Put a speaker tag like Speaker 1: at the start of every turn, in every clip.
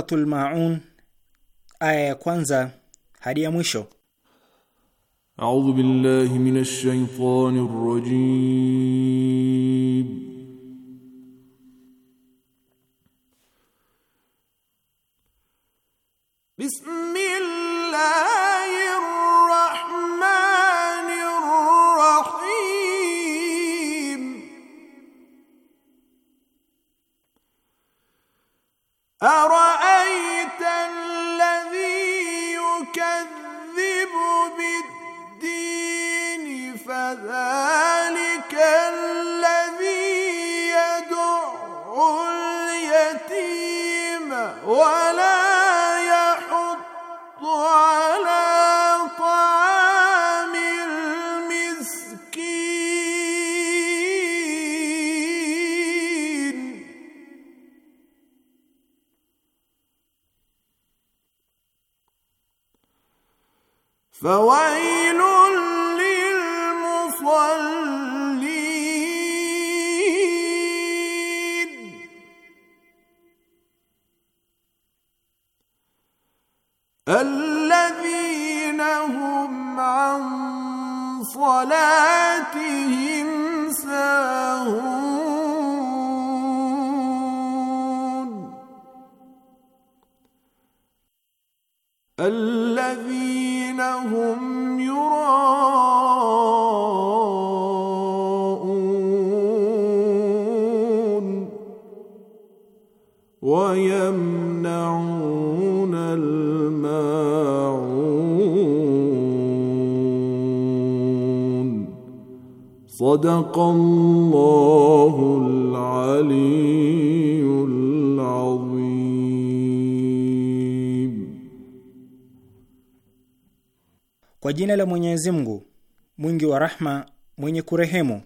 Speaker 1: Suratul Maun aya ya kwanza hadi ya mwisho.
Speaker 2: A'udhu billahi minash shaitani rrajim Kwa
Speaker 3: jina la Mwenyezi Mungu mwingi wa rahma mwenye kurehemu.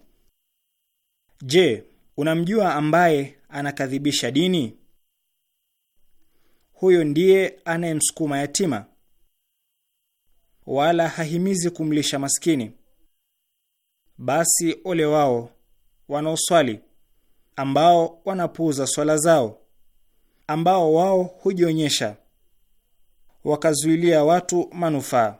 Speaker 3: Je, unamjua ambaye anakadhibisha dini? Huyo ndiye
Speaker 1: anayemsukuma yatima, wala hahimizi kumlisha maskini basi ole wao wanaoswali, ambao wanapuuza swala zao, ambao wao hujionyesha, wakazuilia watu manufaa.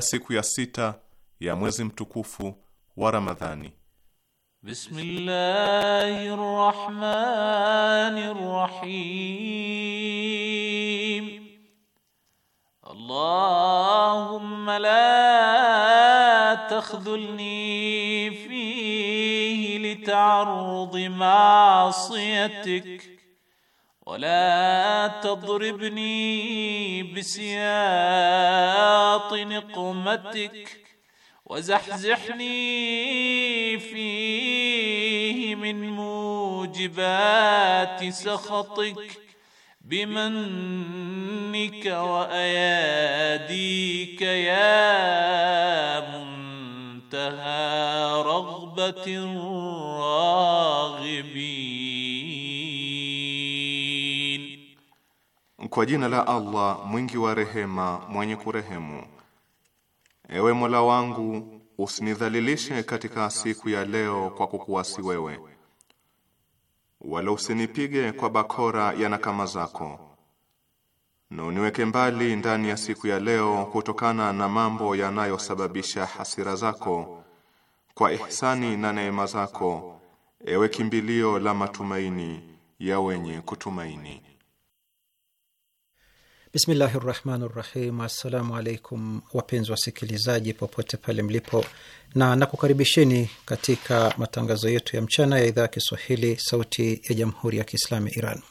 Speaker 2: ya siku ya sita ya mwezi mtukufu wa Ramadhani.
Speaker 3: Bismillahir
Speaker 2: Rahmanir Rahim. Allahumma la takhdhulni fihi li ta'arrudi ma'siyatik ولا تضربني بسياط نقمتك وزحزحني فيه من موجبات سخطك بمنك واياديك يا منتهى رغبه الراغبين
Speaker 4: Kwa jina la Allah mwingi wa rehema mwenye kurehemu. Ewe Mola wangu usinidhalilishe katika siku ya leo kwa kukuasi wewe, wala usinipige kwa bakora ya nakama zako, na uniweke mbali ndani ya siku ya leo kutokana na mambo yanayosababisha hasira zako, kwa ihsani na neema zako, ewe kimbilio la matumaini ya wenye kutumaini.
Speaker 1: Bismillahi rahmani rahim. Assalamu alaikum wapenzi wasikilizaji popote pale mlipo, na nakukaribisheni katika matangazo yetu ya mchana ya idhaa ya Kiswahili sauti ya jamhuri ya Kiislamu ya Iran.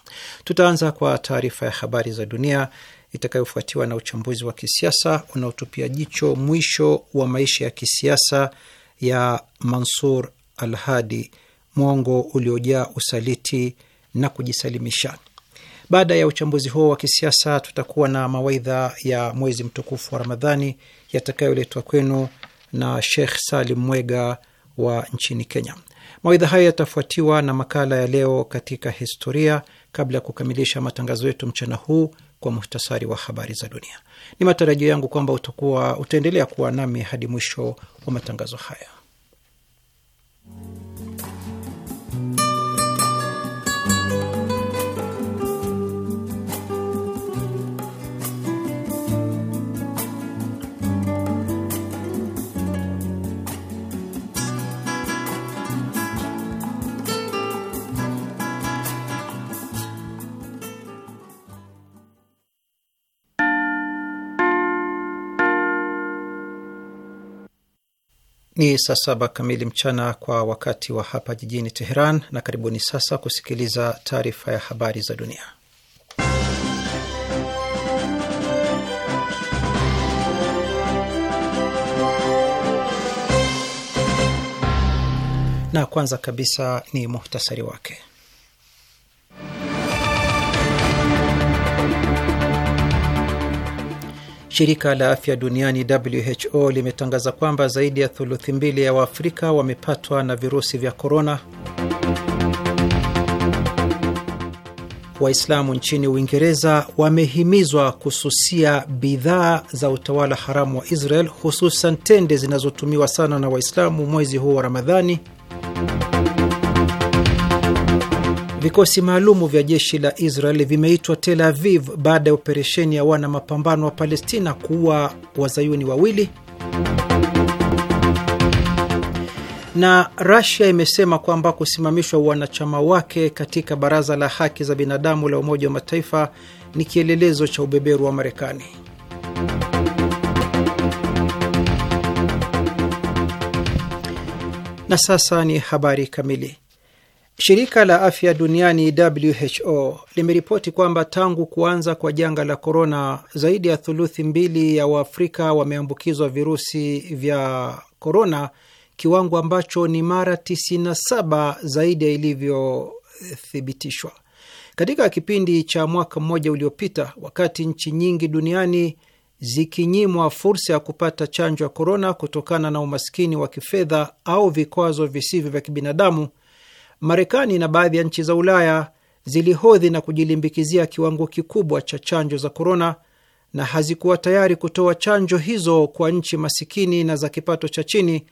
Speaker 1: Tutaanza kwa taarifa ya habari za dunia itakayofuatiwa na uchambuzi wa kisiasa unaotupia jicho mwisho wa maisha ya kisiasa ya Mansur al-Hadi, mwongo uliojaa usaliti na kujisalimisha. Baada ya uchambuzi huo wa kisiasa, tutakuwa na mawaidha ya mwezi mtukufu wa Ramadhani yatakayoletwa kwenu na Sheikh Salim Mwega wa nchini Kenya. Mawaidha hayo yatafuatiwa na makala ya leo katika historia, kabla ya kukamilisha matangazo yetu mchana huu kwa muhtasari wa habari za dunia. Ni matarajio yangu kwamba utakuwa utaendelea kuwa nami hadi mwisho wa matangazo haya. Ni saa saba kamili mchana kwa wakati wa hapa jijini Teheran, na karibuni sasa kusikiliza taarifa ya habari za dunia. Na kwanza kabisa ni muhtasari wake. Shirika la afya duniani WHO limetangaza kwamba zaidi ya thuluthi mbili ya Waafrika wamepatwa na virusi vya korona. Waislamu nchini Uingereza wamehimizwa kususia bidhaa za utawala haramu wa Israel, hususan tende zinazotumiwa sana na Waislamu mwezi huu wa Ramadhani. Vikosi maalumu vya jeshi la Israel vimeitwa Tel Aviv baada ya operesheni ya wana mapambano wa Palestina kuua wazayuni wawili, na Russia imesema kwamba kusimamishwa wanachama wake katika Baraza la Haki za Binadamu la Umoja wa Mataifa ni kielelezo cha ubeberu wa Marekani. Na sasa ni habari kamili. Shirika la afya duniani WHO limeripoti kwamba tangu kuanza kwa janga la korona, zaidi ya thuluthi mbili ya Waafrika wameambukizwa virusi vya korona, kiwango ambacho ni mara 97 zaidi ya ilivyothibitishwa katika kipindi cha mwaka mmoja uliopita, wakati nchi nyingi duniani zikinyimwa fursa ya kupata chanjo ya korona kutokana na umaskini wa kifedha au vikwazo visivyo vya kibinadamu. Marekani na baadhi ya nchi za Ulaya zilihodhi na kujilimbikizia kiwango kikubwa cha chanjo za korona na hazikuwa tayari kutoa chanjo hizo kwa nchi masikini na za kipato cha chini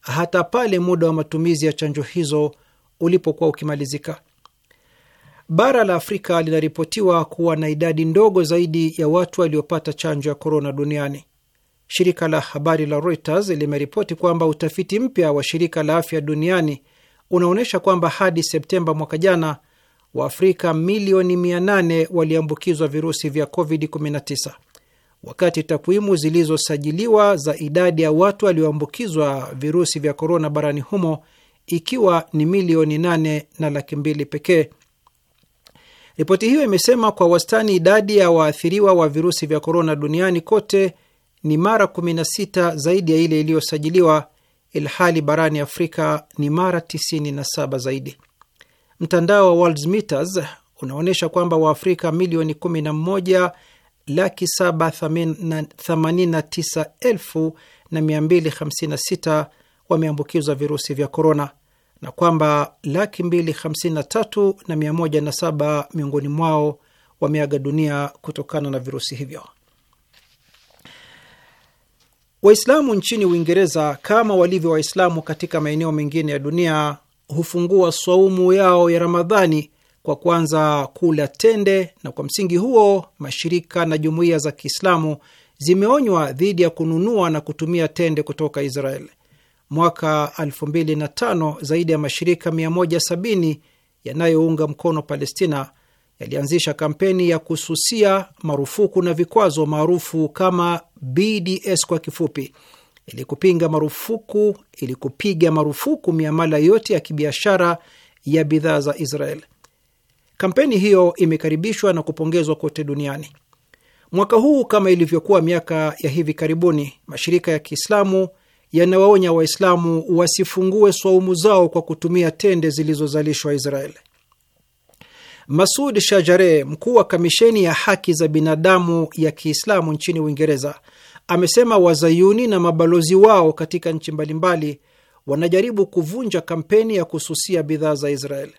Speaker 1: hata pale muda wa matumizi ya chanjo hizo ulipokuwa ukimalizika. Bara la Afrika linaripotiwa kuwa na idadi ndogo zaidi ya watu waliopata chanjo ya korona duniani. Shirika la habari la Reuters limeripoti kwamba utafiti mpya wa shirika la afya duniani unaonyesha kwamba hadi Septemba mwaka jana Waafrika milioni 800 waliambukizwa virusi vya COVID-19 wakati takwimu zilizosajiliwa za idadi ya watu walioambukizwa virusi vya korona barani humo ikiwa ni milioni 8 na laki mbili pekee. Ripoti hiyo imesema kwa wastani idadi ya waathiriwa wa virusi vya korona duniani kote ni mara 16 zaidi ya ile iliyosajiliwa ilhali barani Afrika ni mara 97 zaidi. Mtandao wa Worldsmeters unaonyesha kwamba Waafrika milioni 11 laki 789 na 256 wameambukizwa virusi vya korona na kwamba laki 253 na 17 miongoni mwao wameaga dunia kutokana na virusi hivyo. Waislamu nchini Uingereza, kama walivyo Waislamu katika maeneo mengine ya dunia, hufungua saumu yao ya Ramadhani kwa kuanza kula tende, na kwa msingi huo mashirika na jumuiya za Kiislamu zimeonywa dhidi ya kununua na kutumia tende kutoka Israel. Mwaka 2005 zaidi ya mashirika 170 yanayounga mkono Palestina yalianzisha kampeni ya kususia marufuku na vikwazo maarufu kama BDS kwa kifupi, ili kupinga marufuku ili kupiga marufuku miamala yote ya kibiashara ya bidhaa za Israel. Kampeni hiyo imekaribishwa na kupongezwa kote duniani. Mwaka huu kama ilivyokuwa miaka ya hivi karibuni, mashirika ya Kiislamu yanawaonya Waislamu wasifungue swaumu zao kwa kutumia tende zilizozalishwa Israeli. Masud Shajare, mkuu wa kamisheni ya haki za binadamu ya Kiislamu nchini Uingereza, amesema wazayuni na mabalozi wao katika nchi mbalimbali wanajaribu kuvunja kampeni ya kususia bidhaa za Israel.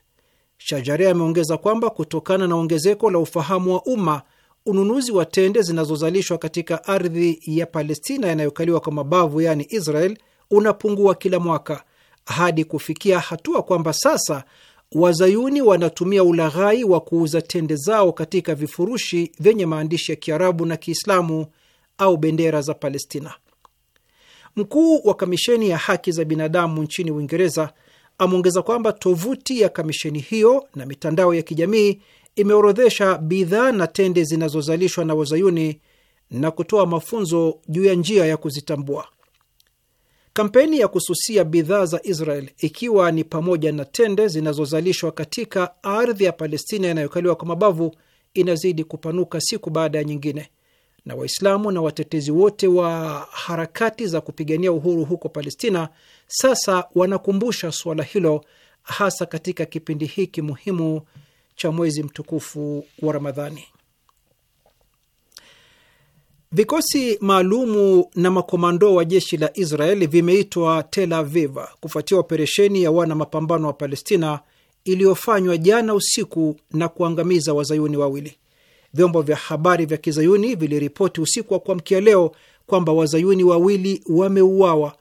Speaker 1: Shajare ameongeza kwamba kutokana na ongezeko la ufahamu wa umma, ununuzi wa tende zinazozalishwa katika ardhi ya Palestina yanayokaliwa kwa mabavu, yaani Israel, unapungua kila mwaka hadi kufikia hatua kwamba sasa Wazayuni wanatumia ulaghai wa kuuza tende zao katika vifurushi vyenye maandishi ya Kiarabu na Kiislamu au bendera za Palestina. Mkuu wa kamisheni ya haki za binadamu nchini Uingereza ameongeza kwamba tovuti ya kamisheni hiyo na mitandao ya kijamii imeorodhesha bidhaa na tende zinazozalishwa na wazayuni na kutoa mafunzo juu ya njia ya kuzitambua. Kampeni ya kususia bidhaa za Israel ikiwa ni pamoja na tende zinazozalishwa katika ardhi ya Palestina inayokaliwa kwa mabavu inazidi kupanuka siku baada ya nyingine, na Waislamu na watetezi wote wa harakati za kupigania uhuru huko Palestina sasa wanakumbusha suala hilo, hasa katika kipindi hiki muhimu cha mwezi mtukufu wa Ramadhani. Vikosi maalumu na makomando wa jeshi la Israeli vimeitwa Tel Aviv kufuatia operesheni ya wana mapambano wa Palestina iliyofanywa jana usiku na kuangamiza wazayuni wawili. Vyombo vya habari vya kizayuni viliripoti usiku wa kuamkia leo kwamba wazayuni wawili wameuawa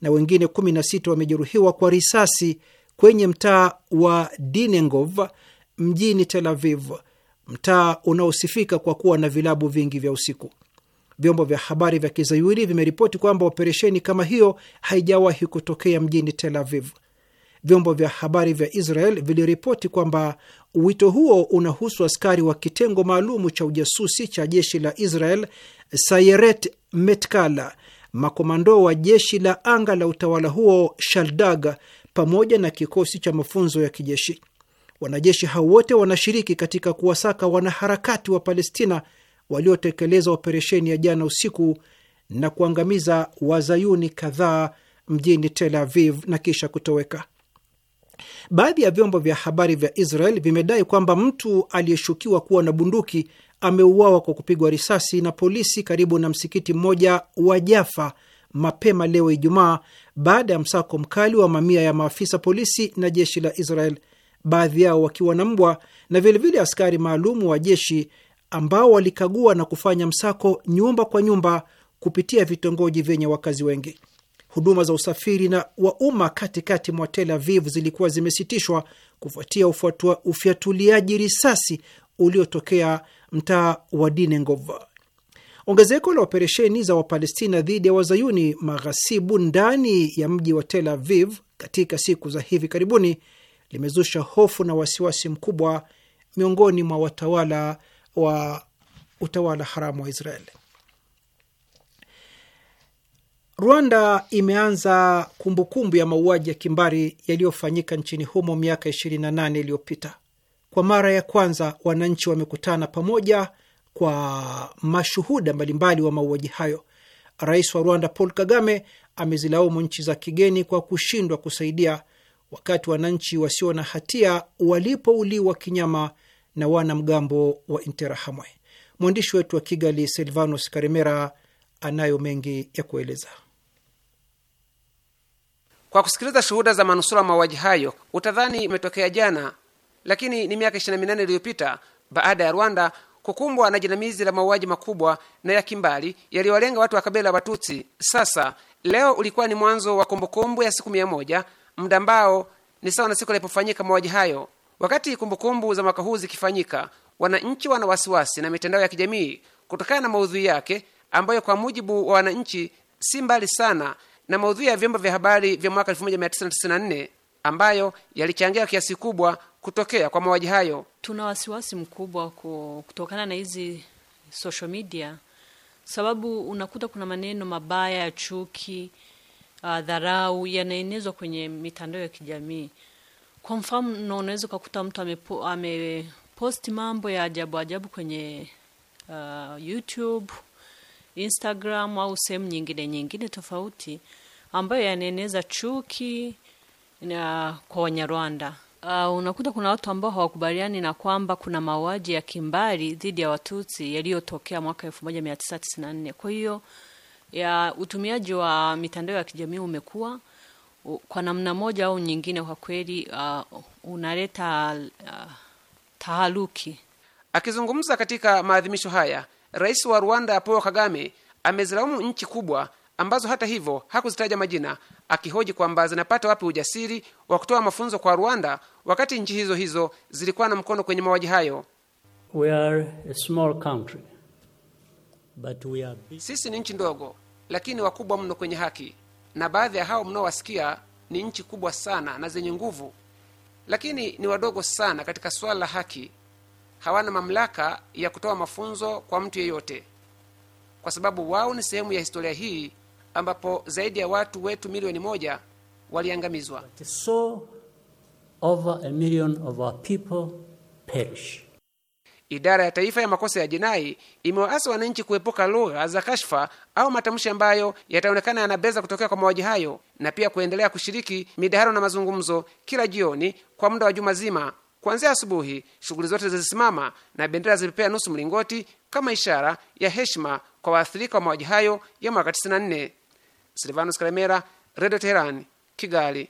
Speaker 1: na wengine 16 wamejeruhiwa kwa risasi kwenye mtaa wa Dinengov mjini Tel Aviv, mtaa unaosifika kwa kuwa na vilabu vingi vya usiku. Vyombo vya habari vya kizayuni vimeripoti kwamba operesheni kama hiyo haijawahi kutokea mjini Tel Aviv. Vyombo vya habari vya Israel viliripoti kwamba wito huo unahusu askari wa kitengo maalum cha ujasusi cha jeshi la Israel, Sayeret Metkala, makomando wa jeshi la anga la utawala huo Shaldag, pamoja na kikosi cha mafunzo ya kijeshi. Wanajeshi hao wote wanashiriki katika kuwasaka wanaharakati wa Palestina waliotekeleza operesheni ya jana usiku na kuangamiza wazayuni kadhaa mjini Tel Aviv na kisha kutoweka. Baadhi ya vyombo vya habari vya Israel vimedai kwamba mtu aliyeshukiwa kuwa na bunduki ameuawa kwa kupigwa risasi na polisi karibu na msikiti mmoja wa jafa mapema leo Ijumaa, baada ya msako mkali wa mamia ya maafisa polisi na jeshi la Israel, baadhi yao wakiwa na mbwa na vilevile askari maalumu wa jeshi ambao walikagua na kufanya msako nyumba kwa nyumba kupitia vitongoji vyenye wakazi wengi. Huduma za usafiri na wa umma katikati mwa Tel Aviv zilikuwa zimesitishwa kufuatia ufyatuliaji risasi uliotokea mtaa wa Dinengov. Ongezeko la operesheni za Wapalestina dhidi ya wazayuni maghasibu ndani ya mji wa Tel Aviv katika siku za hivi karibuni limezusha hofu na wasiwasi mkubwa miongoni mwa watawala wa utawala haramu wa Israel. Rwanda imeanza kumbukumbu ya mauaji ya kimbari yaliyofanyika nchini humo miaka 28 iliyopita. Kwa mara ya kwanza wananchi wamekutana pamoja kwa mashuhuda mbalimbali wa mauaji hayo. Rais wa Rwanda Paul Kagame amezilaumu nchi za kigeni kwa kushindwa kusaidia wakati wananchi wasio na hatia walipouliwa kinyama na wanamgambo wa Interahamwe. Mwandishi wetu wa Kigali, Silvanus Karimera, anayo mengi ya kueleza.
Speaker 5: Kwa kusikiliza shuhuda za manusura mauaji hayo utadhani imetokea jana, lakini ni miaka 28 iliyopita baada ya Rwanda kukumbwa na jinamizi la mauaji makubwa na ya kimbali yaliyowalenga watu wa kabila la Watutsi. Sasa leo ulikuwa ni mwanzo wa kumbukumbu ya siku mia moja, muda ambao ni sawa na siku yalipofanyika mauaji hayo. Wakati kumbukumbu kumbu za mwaka huu zikifanyika, wananchi wana wasiwasi na mitandao ya kijamii kutokana na maudhui yake ambayo kwa mujibu wa wananchi si mbali sana na maudhui ya vyombo vya habari vya mwaka 1994 ambayo yalichangia kiasi kubwa kutokea kwa mauaji hayo.
Speaker 4: Tuna wasiwasi mkubwa kutokana na hizi social media, sababu unakuta kuna maneno mabaya ya chuki, uh, dharau yanaenezwa kwenye mitandao ya kijamii. Kwa mfano, unaweza ukakuta mtu ameposti mambo ya ajabu ajabu kwenye uh, YouTube, Instagram au sehemu nyingine nyingine tofauti ambayo yanaeneza chuki na kwa Wanyarwanda. Uh, unakuta kuna watu ambao hawakubaliani na kwamba kuna mauaji ya kimbari dhidi ya Watutsi yaliyotokea mwaka 1994. Kwa hiyo ya utumiaji wa mitandao ya kijamii umekuwa kwa namna moja au nyingine kwa kweli uh, unaleta
Speaker 5: uh, taharuki. Akizungumza katika maadhimisho haya, rais wa Rwanda Paul Kagame amezilaumu nchi kubwa ambazo hata hivyo hakuzitaja majina, akihoji kwamba zinapata wapi ujasiri wa kutoa mafunzo kwa Rwanda wakati nchi hizo hizo zilikuwa na mkono kwenye mauaji hayo.
Speaker 1: We are a small country,
Speaker 3: but we are
Speaker 5: big. Sisi ni nchi ndogo lakini wakubwa mno kwenye haki na baadhi ya hao mnaowasikia ni nchi kubwa sana na zenye nguvu, lakini ni wadogo sana katika swala la haki. Hawana mamlaka ya kutoa mafunzo kwa mtu yeyote, kwa sababu wao ni sehemu ya historia hii ambapo zaidi ya watu wetu milioni moja waliangamizwa. Idara ya Taifa ya Makosa ya Jinai imewaasa wananchi kuepuka lugha za kashfa au matamshi ambayo yataonekana yanabeza kutokea kwa mauaji hayo, na pia kuendelea kushiriki midaharo na mazungumzo kila jioni kwa muda wa juma zima. Kuanzia asubuhi, shughuli zote zilisimama na bendera zilipepea nusu mlingoti kama ishara ya heshima kwa waathirika wa mauaji hayo ya mwaka 94. Silvanus Kalemera, Radio Teherani, Kigali.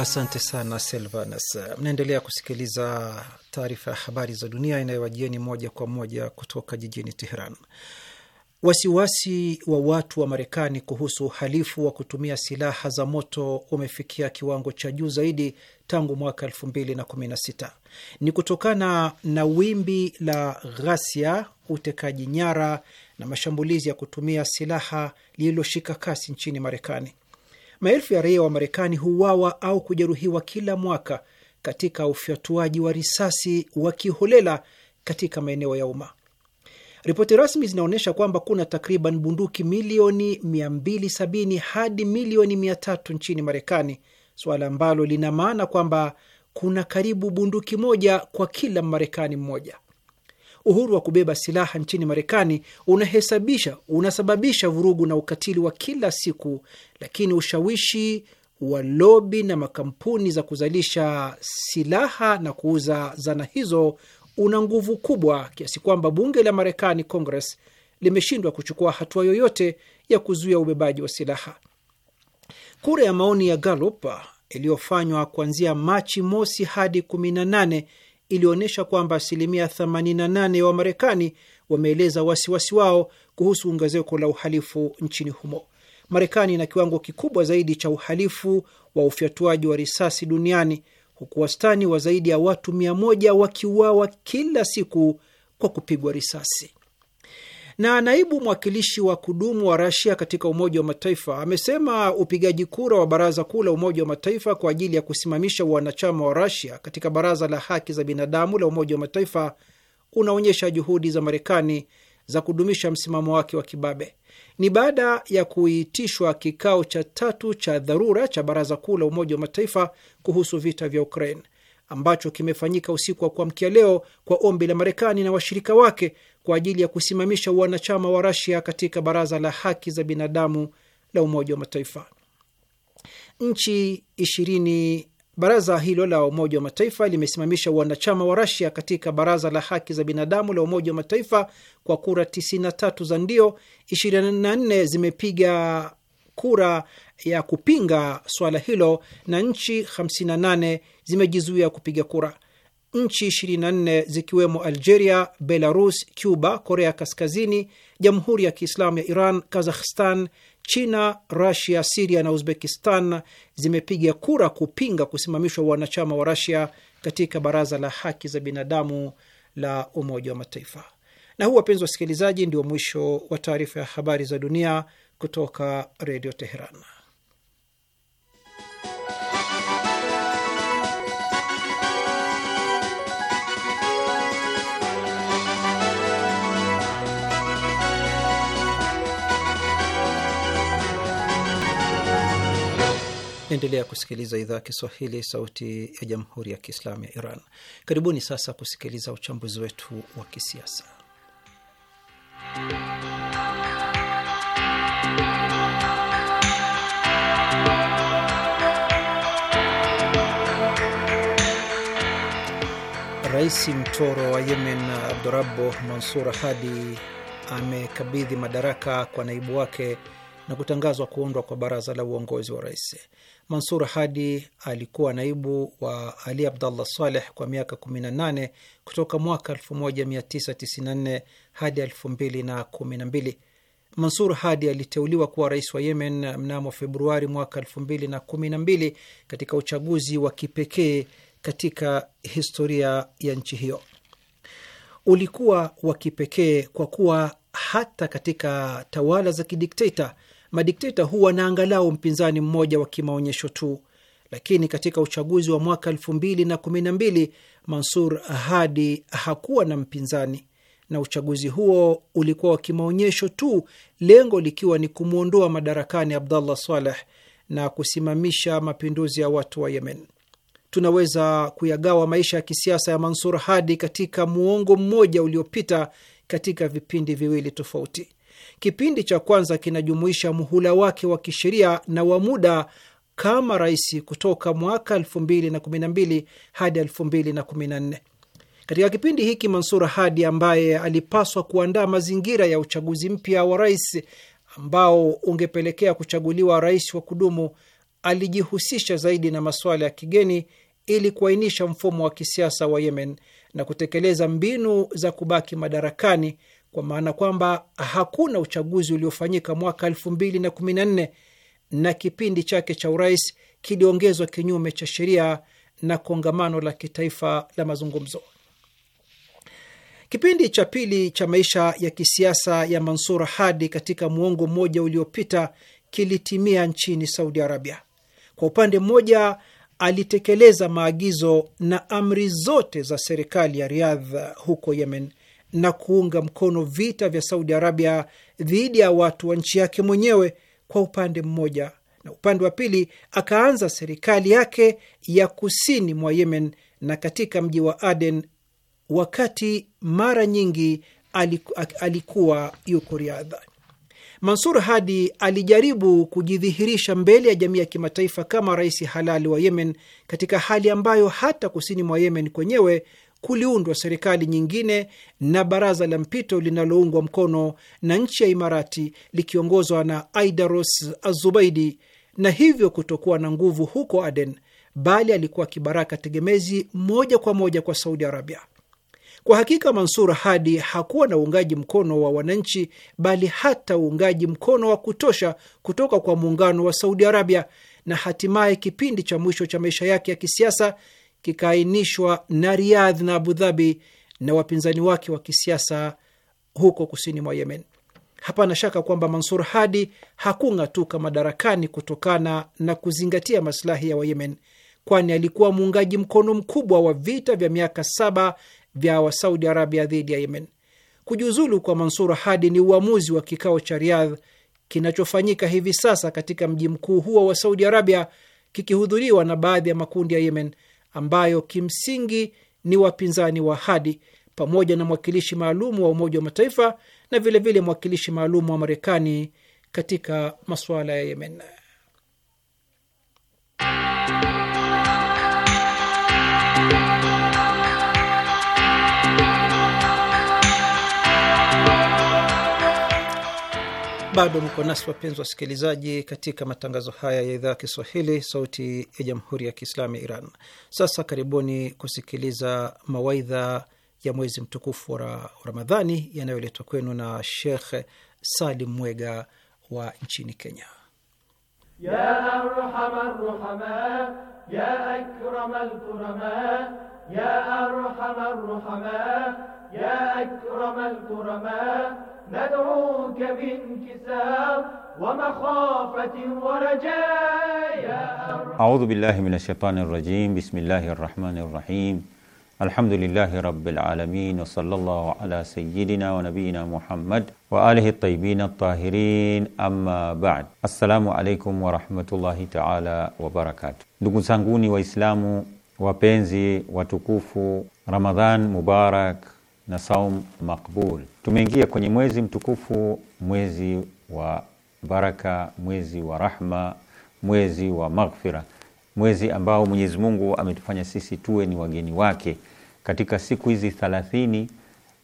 Speaker 1: Asante sana Silvanus. Mnaendelea kusikiliza taarifa ya habari za dunia inayowajieni moja kwa moja kutoka jijini Teheran. Wasiwasi wa watu wa Marekani kuhusu uhalifu wa kutumia silaha za moto umefikia kiwango cha juu zaidi tangu mwaka 2016. Ni kutokana na wimbi la ghasia, utekaji nyara na mashambulizi ya kutumia silaha lililoshika kasi nchini Marekani. Maelfu ya raia wa Marekani huuawa au kujeruhiwa kila mwaka katika ufyatuaji wa risasi wa kiholela katika maeneo ya umma. Ripoti rasmi zinaonyesha kwamba kuna takriban bunduki milioni 270 hadi milioni 300 nchini Marekani, suala ambalo lina maana kwamba kuna karibu bunduki moja kwa kila marekani mmoja uhuru wa kubeba silaha nchini Marekani unahesabisha unasababisha vurugu na ukatili wa kila siku, lakini ushawishi wa lobi na makampuni za kuzalisha silaha na kuuza zana hizo una nguvu kubwa kiasi kwamba bunge la Marekani, Congress, limeshindwa kuchukua hatua yoyote ya kuzuia ubebaji wa silaha. Kura ya maoni ya Gallup iliyofanywa kuanzia Machi mosi hadi 18 ilionyesha kwamba asilimia 88 wa marekani wameeleza wasiwasi wao kuhusu ongezeko la uhalifu nchini humo. Marekani ina kiwango kikubwa zaidi cha uhalifu wa ufyatuaji wa risasi duniani huku wastani wa zaidi ya watu mia moja wakiuawa kila siku kwa kupigwa risasi. Na naibu mwakilishi wa kudumu wa Rasia katika Umoja wa Mataifa amesema upigaji kura wa Baraza Kuu la Umoja wa Mataifa kwa ajili ya kusimamisha wanachama wa Rasia katika Baraza la Haki za Binadamu la Umoja wa Mataifa unaonyesha juhudi za Marekani za kudumisha msimamo wake wa kibabe. Ni baada ya kuitishwa kikao cha tatu cha dharura cha Baraza Kuu la Umoja wa Mataifa kuhusu vita vya Ukraine ambacho kimefanyika usiku wa kuamkia leo kwa ombi la Marekani na washirika wake kwa ajili ya kusimamisha uanachama wa Rasia katika Baraza la Haki za Binadamu la Umoja wa Mataifa. Nchi ishirini Baraza hilo la Umoja wa Mataifa limesimamisha uanachama wa Rasia katika Baraza la Haki za Binadamu la Umoja wa Mataifa kwa kura 93 za ndio, 24 zimepiga kura ya kupinga swala hilo na nchi 58 zimejizuia kupiga kura nchi 24 zikiwemo Algeria, Belarus, Cuba, Korea Kaskazini, Jamhuri ya Kiislamu ya Iran, Kazakhstan, China, Rasia, Siria na Uzbekistan zimepiga kura kupinga kusimamishwa wanachama wa Rasia katika Baraza la Haki za Binadamu la Umoja wa Mataifa. Na huu, wapenzi wasikilizaji, ndio mwisho wa taarifa ya habari za dunia kutoka Redio Teheran. Naendelea kusikiliza idhaa ya Kiswahili, sauti ya jamhuri ya kiislamu ya Iran. Karibuni sasa kusikiliza uchambuzi wetu wa kisiasa. Rais mtoro wa Yemen Abdurabu Mansur Hadi amekabidhi madaraka kwa naibu wake na kutangazwa kuundwa kwa baraza la uongozi wa rais. Mansur Hadi alikuwa naibu wa Ali Abdallah Saleh kwa miaka 18 kutoka mwaka 1994 hadi 2012. Mansur Hadi aliteuliwa kuwa rais wa Yemen mnamo Februari mwaka 2012 katika uchaguzi wa kipekee katika historia ya nchi hiyo. Ulikuwa wa kipekee kwa kuwa hata katika tawala za kidikteta madikteta huwa na angalau mpinzani mmoja wa kimaonyesho tu, lakini katika uchaguzi wa mwaka elfu mbili na kumi na mbili Mansur Hadi hakuwa na mpinzani na uchaguzi huo ulikuwa wa kimaonyesho tu, lengo likiwa ni kumwondoa madarakani Abdallah Saleh na kusimamisha mapinduzi ya watu wa Yemen. Tunaweza kuyagawa maisha ya kisiasa ya Mansur Hadi katika muongo mmoja uliopita katika vipindi viwili tofauti. Kipindi cha kwanza kinajumuisha muhula wake wa kisheria na wa muda kama rais kutoka mwaka 2012 hadi 2014. Katika kipindi hiki Mansur Hadi ambaye alipaswa kuandaa mazingira ya uchaguzi mpya wa rais ambao ungepelekea kuchaguliwa rais wa kudumu, alijihusisha zaidi na masuala ya kigeni ili kuainisha mfumo wa kisiasa wa Yemen na kutekeleza mbinu za kubaki madarakani kwa maana kwamba hakuna uchaguzi uliofanyika mwaka 214 na kipindi chake cha urais kiliongezwa kinyume cha sheria na kongamano la kitaifa la mazungumzo. Kipindi cha pili cha maisha ya kisiasa ya Mansur Hadi katika muongo mmoja uliopita kilitimia nchini Saudi Arabia. Kwa upande mmoja, alitekeleza maagizo na amri zote za serikali ya Riyadh huko Yemen, na kuunga mkono vita vya Saudi Arabia dhidi ya watu wa nchi yake mwenyewe kwa upande mmoja, na upande wa pili akaanza serikali yake ya kusini mwa Yemen na katika mji wa Aden, wakati mara nyingi alikuwa yuko Riadha. Mansur Hadi alijaribu kujidhihirisha mbele ya jamii ya kimataifa kama rais halali wa Yemen katika hali ambayo hata kusini mwa Yemen kwenyewe kuliundwa serikali nyingine na baraza la mpito linaloungwa mkono na nchi ya Imarati likiongozwa na Aidaros Azubaidi, na hivyo kutokuwa na nguvu huko Aden, bali alikuwa kibaraka tegemezi moja kwa moja kwa Saudi Arabia. Kwa hakika Mansur Hadi hakuwa na uungaji mkono wa wananchi, bali hata uungaji mkono wa kutosha kutoka kwa muungano wa Saudi Arabia, na hatimaye kipindi cha mwisho cha maisha yake ya kisiasa kikaainishwa na Riyadh na Abu Dhabi na wapinzani wake wa kisiasa huko kusini mwa Yemen. Hapana shaka kwamba Mansur Hadi hakung'atuka madarakani kutokana na kuzingatia masilahi ya Wayemen, kwani alikuwa muungaji mkono mkubwa wa vita vya miaka saba vya Wasaudi Arabia dhidi ya Yemen. Kujiuzulu kwa Mansur Hadi ni uamuzi wa kikao cha Riyadh kinachofanyika hivi sasa katika mji mkuu huo wa Saudi Arabia, kikihudhuriwa na baadhi ya makundi ya Yemen ambayo kimsingi ni wapinzani wa hadi pamoja na mwakilishi maalum wa Umoja wa Mataifa na vilevile vile mwakilishi maalum wa Marekani katika masuala ya Yemen. Bado mko nasi wapenzi wasikilizaji, katika matangazo haya ya idhaa ya Kiswahili, sauti ya jamhuri ya kiislamu ya Iran. Sasa karibuni kusikiliza mawaidha ya mwezi mtukufu wa Ramadhani yanayoletwa kwenu na Shekh Salim Mwega wa nchini Kenya.
Speaker 6: ya
Speaker 2: arhamar rahama ya akramal kurama ya arhamar rahama ya akramal kurama ندعوك بانكسار ومخافة ورجاء يا
Speaker 3: أعوذ بالله من الشيطان الرجيم بسم الله الرحمن الرحيم الحمد لله رب العالمين وصلى الله على سيدنا ونبينا محمد وآله الطيبين الطاهرين أما بعد السلام عليكم ورحمة الله تعالى وبركاته ndugu zanguni وإسلام وبنزي وتكوفو رمضان مبارك نصوم مقبول Tumeingia kwenye mwezi mtukufu, mwezi wa baraka, mwezi wa rahma, mwezi wa maghfira, mwezi ambao Mwenyezi Mungu ametufanya sisi tuwe ni wageni wake. Katika siku hizi thalathini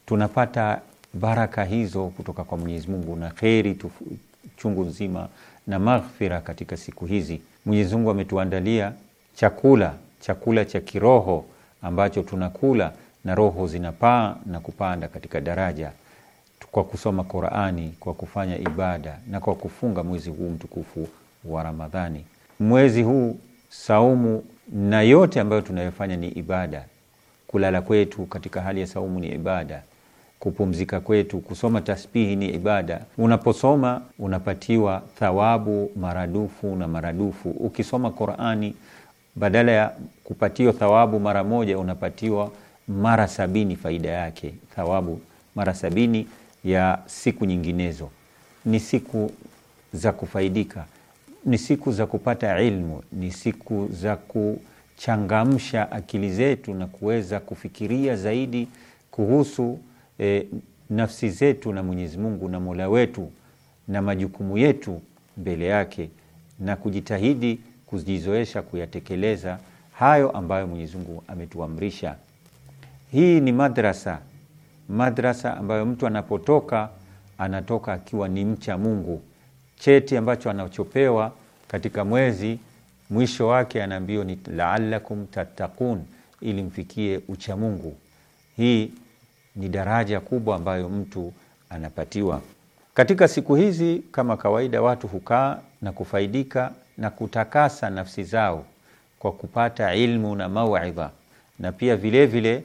Speaker 3: tunapata baraka hizo kutoka kwa Mwenyezi Mungu na kheri chungu nzima na maghfira katika siku hizi. Mwenyezi Mungu ametuandalia chakula, chakula cha kiroho ambacho tunakula na roho zinapaa na kupanda katika daraja kwa kusoma Qurani, kwa kufanya ibada na kwa kufunga mwezi huu mtukufu wa Ramadhani. Mwezi huu saumu na yote ambayo tunayofanya ni ibada. Kulala kwetu katika hali ya saumu ni ibada, kupumzika kwetu, kusoma tasbihi ni ibada. Unaposoma unapatiwa thawabu maradufu na maradufu. Ukisoma Qurani badala ya kupatiwa thawabu mara moja unapatiwa mara sabini faida yake, thawabu mara sabini ya siku nyinginezo, ni siku za kufaidika, ni siku za kupata ilmu, ni siku za kuchangamsha akili zetu na kuweza kufikiria zaidi kuhusu e, nafsi zetu na Mwenyezi Mungu na Mola wetu na majukumu yetu mbele yake na kujitahidi kujizoesha kuyatekeleza hayo ambayo Mwenyezi Mungu ametuamrisha. Hii ni madrasa madrasa ambayo mtu anapotoka anatoka akiwa ni mcha Mungu. Cheti ambacho anachopewa katika mwezi mwisho wake anaambiwa ni laalakum tattaqun, ili mfikie ucha Mungu. Hii ni daraja kubwa ambayo mtu anapatiwa katika siku hizi. Kama kawaida, watu hukaa na kufaidika na kutakasa nafsi zao kwa kupata ilmu na mauidha, na pia vilevile vile,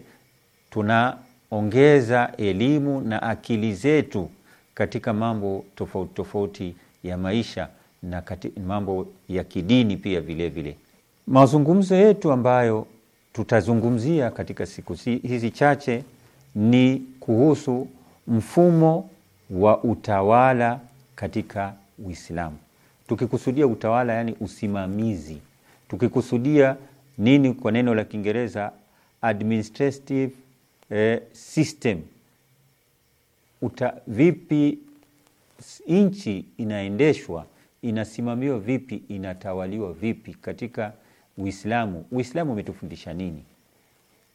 Speaker 3: tuna ongeza elimu na akili zetu katika mambo tofauti tofauti ya maisha na mambo ya kidini pia vilevile vile. Mazungumzo yetu ambayo tutazungumzia katika siku hizi chache ni kuhusu mfumo wa utawala katika Uislamu. Tukikusudia utawala, yani usimamizi, tukikusudia nini kwa neno la Kiingereza administrative Eh, system uta, vipi nchi inaendeshwa, inasimamiwa vipi, inatawaliwa vipi katika Uislamu. Uislamu umetufundisha nini?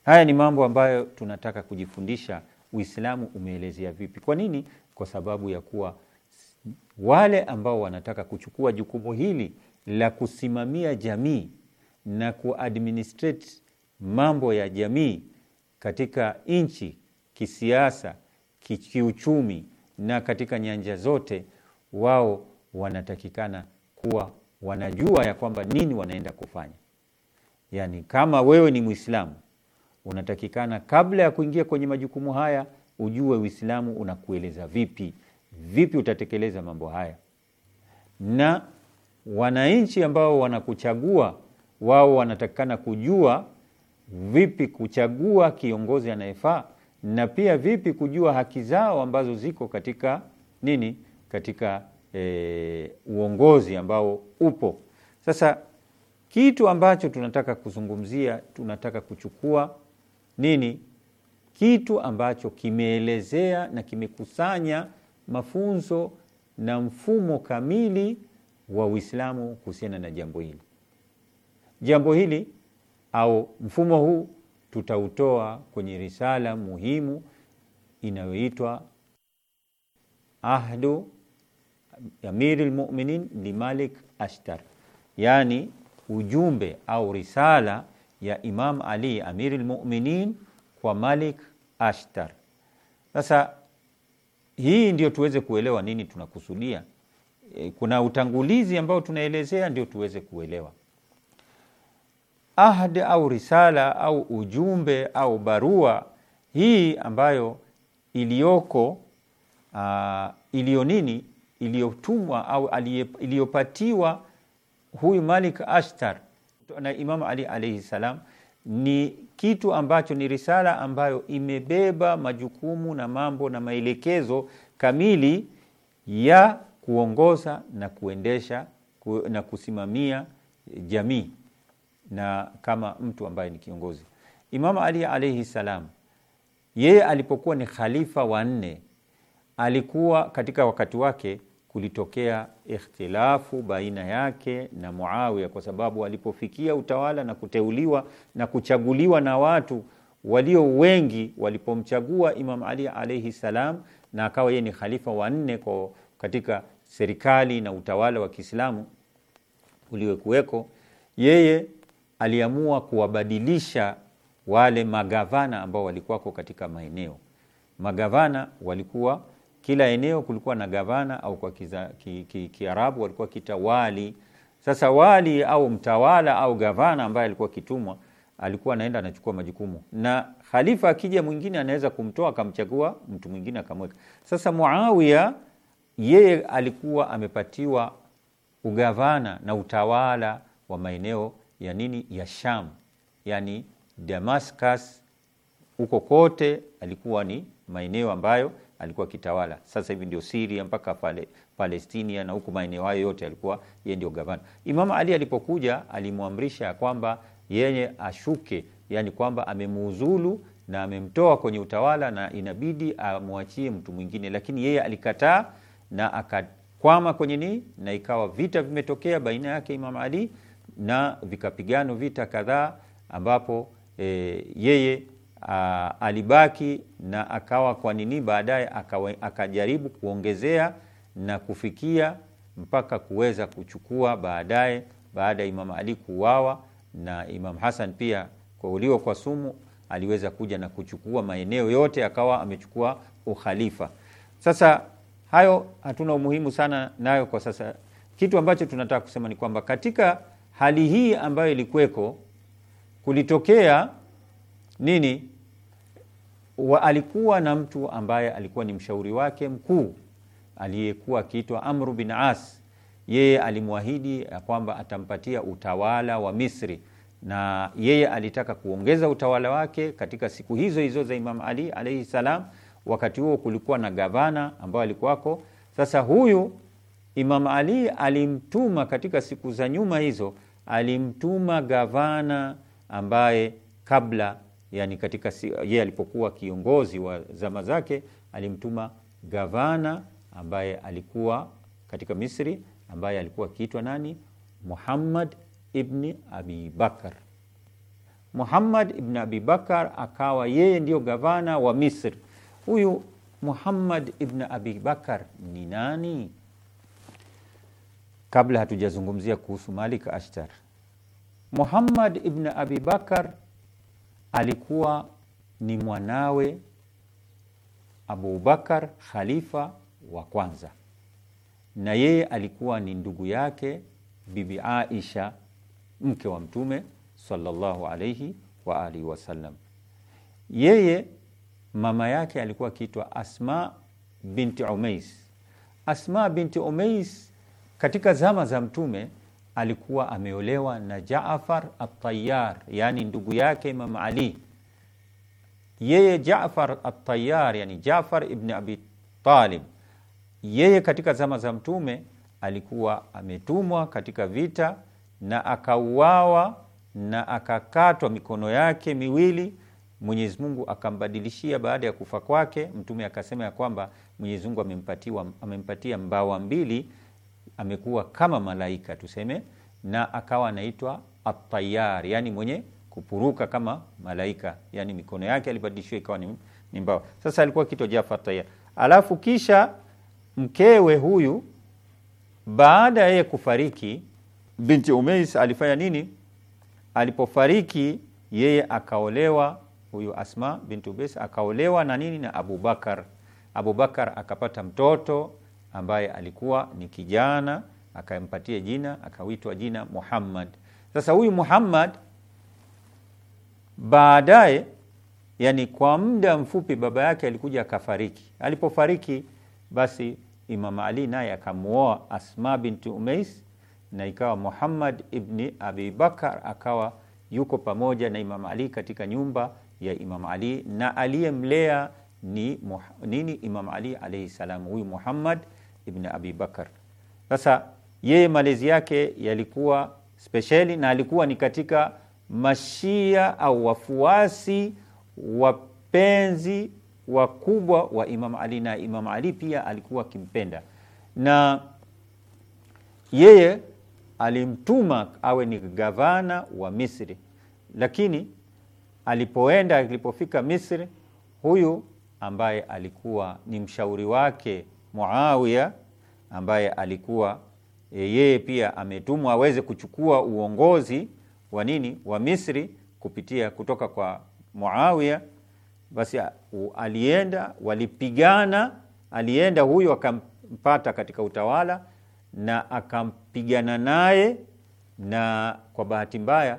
Speaker 3: Haya ni mambo ambayo tunataka kujifundisha. Uislamu umeelezea vipi? Kwa nini? Kwa sababu ya kuwa wale ambao wanataka kuchukua jukumu hili la kusimamia jamii na kuadministrate mambo ya jamii katika nchi, kisiasa, kiuchumi na katika nyanja zote, wao wanatakikana kuwa wanajua ya kwamba nini wanaenda kufanya. Yani, kama wewe ni Mwislamu unatakikana kabla ya kuingia kwenye majukumu haya ujue Uislamu unakueleza vipi, vipi utatekeleza mambo haya. Na wananchi ambao wanakuchagua wao wanatakikana kujua vipi kuchagua kiongozi anayefaa na pia vipi kujua haki zao ambazo ziko katika nini, katika e, uongozi ambao upo sasa. Kitu ambacho tunataka kuzungumzia, tunataka kuchukua nini, kitu ambacho kimeelezea na kimekusanya mafunzo na mfumo kamili wa Uislamu kuhusiana na jambo hili jambo hili au mfumo huu tutautoa kwenye risala muhimu inayoitwa Ahdu Amiri lmuminin Limalik Ashtar, yani ujumbe au risala ya Imam Ali Amiri lmuminin kwa Malik Ashtar. Sasa hii ndio tuweze kuelewa nini tunakusudia. Eh, kuna utangulizi ambao tunaelezea, ndio tuweze kuelewa ahdi au risala au ujumbe au barua hii ambayo iliyoko uh, iliyo nini iliyotumwa au iliyopatiwa huyu Malik Ashtar na Imam Ali alayhi salam ni kitu ambacho ni risala ambayo imebeba majukumu na mambo na maelekezo kamili ya kuongoza na kuendesha na kusimamia jamii na kama mtu ambaye ni kiongozi. Imam Ali alayhi salam, yeye alipokuwa ni khalifa wa nne, alikuwa katika wakati wake kulitokea ikhtilafu baina yake na Muawiya, kwa sababu alipofikia utawala na kuteuliwa na kuchaguliwa na watu walio wengi, walipomchagua Imam Ali alaihi salam, na akawa yeye ni khalifa wa nne kwa katika serikali na utawala wa Kiislamu uliokuweko, yeye aliamua kuwabadilisha wale magavana ambao walikuwako katika maeneo. Magavana walikuwa kila eneo kulikuwa na gavana au kwa Kiarabu ki, ki, ki walikuwa kita wali. Sasa wali au mtawala au gavana ambaye alikuwa kitumwa alikuwa anaenda anachukua majukumu, na khalifa akija mwingine anaweza kumtoa akamchagua mtu mwingine akamweka. Sasa Muawiya yeye alikuwa amepatiwa ugavana na utawala wa maeneo ya nini ya Sham, yani Damascus, huko kote alikuwa ni maeneo ambayo alikuwa kitawala. Sasa hivi ndio Syria mpaka pale Palestina na huko maeneo hayo yote alikuwa yeye ndio gavana. Imam Ali alipokuja alimwamrisha kwamba yeye ashuke, yani kwamba amemuuzulu na amemtoa kwenye utawala na inabidi amwachie mtu mwingine, lakini yeye alikataa na akakwama kwenye nini, na ikawa vita vimetokea baina yake Imam Ali na vikapigano vita kadhaa ambapo e, yeye a, alibaki na akawa kwa nini baadaye akajaribu kuongezea na kufikia mpaka kuweza kuchukua baadaye baada ya Imam Ali kuuawa na Imam Hasan pia kuuliwa kwa sumu, aliweza kuja na kuchukua maeneo yote, akawa amechukua ukhalifa. Sasa hayo hatuna umuhimu sana nayo kwa sasa. Kitu ambacho tunataka kusema ni kwamba katika hali hii ambayo ilikuweko kulitokea nini? Wa alikuwa na mtu ambaye alikuwa ni mshauri wake mkuu aliyekuwa akiitwa Amru bin As. Yeye alimwahidi ya kwamba atampatia utawala wa Misri, na yeye alitaka kuongeza utawala wake katika siku hizo hizo za Imam Ali alaihi salam. Wakati huo kulikuwa na gavana ambayo alikuwako. Sasa huyu Imam Ali alimtuma katika siku za nyuma hizo alimtuma gavana ambaye kabla yani katika yeye alipokuwa kiongozi wa zama zake alimtuma gavana ambaye alikuwa katika Misri ambaye alikuwa akiitwa nani? Muhammad ibni Abi Bakar. Muhammad ibn Abi Bakar akawa yeye ndiyo gavana wa Misri. Huyu Muhammad ibn Abi Bakar ni nani? kabla hatujazungumzia kuhusu Malik Ashtar, Muhammad ibn Abi Bakar alikuwa ni mwanawe Abubakar khalifa wa kwanza, na yeye alikuwa ni ndugu yake Bibi Aisha mke wa Mtume sallallahu alayhi wa alihi wasallam. Yeye mama yake alikuwa akiitwa Asma binti Umais. Asma binti Umais katika zama za Mtume alikuwa ameolewa na Jaafar At-Tayyar, yani ndugu yake Imam Ali. Yeye Jaafar At-Tayyar, yani Jaafar ibn Abi Talib, yeye katika zama za Mtume alikuwa ametumwa katika vita na akauawa na akakatwa mikono yake miwili. Mwenyezi Mungu akambadilishia baada ya kufa kwake. Mtume akasema ya kwamba Mwenyezi Mungu amempatia mbawa mbili amekuwa kama malaika tuseme, na akawa anaitwa atayar, yani mwenye kupuruka kama malaika, yani mikono yake alibadilishwa ikawa ni mbawa. Sasa alikuwa kitwa Jafar Tayar. Alafu kisha mkewe huyu baada ya yeye kufariki, binti Umais alifanya nini? Alipofariki yeye akaolewa, huyu Asma binti Ubais akaolewa na nini, na Abubakar. Abubakar akapata mtoto ambaye alikuwa ni kijana akampatia jina akawitwa jina Muhammad. Sasa huyu Muhammad baadaye, yani kwa muda mfupi, baba yake alikuja akafariki. Alipofariki basi Imam Ali naye akamuoa Asma binti Umais na ikawa Muhammad ibni Abi Bakar akawa yuko pamoja na Imam Ali katika nyumba ya Imam Ali na aliyemlea ni nini? Imam Ali alayhi salam, huyu Muhammad ibn Abi Bakar. Sasa yeye malezi yake yalikuwa spesheli na alikuwa ni katika mashia au wafuasi wapenzi wakubwa wa Imam Ali, na Imam Ali pia alikuwa akimpenda na yeye alimtuma awe ni gavana wa Misri, lakini alipoenda alipofika Misri, huyu ambaye alikuwa ni mshauri wake Muawiya ambaye alikuwa e, yeye pia ametumwa aweze kuchukua uongozi wa nini wa Misri kupitia kutoka kwa Muawiya. Basi alienda, walipigana, alienda huyo akampata katika utawala na akampigana naye, na kwa bahati mbaya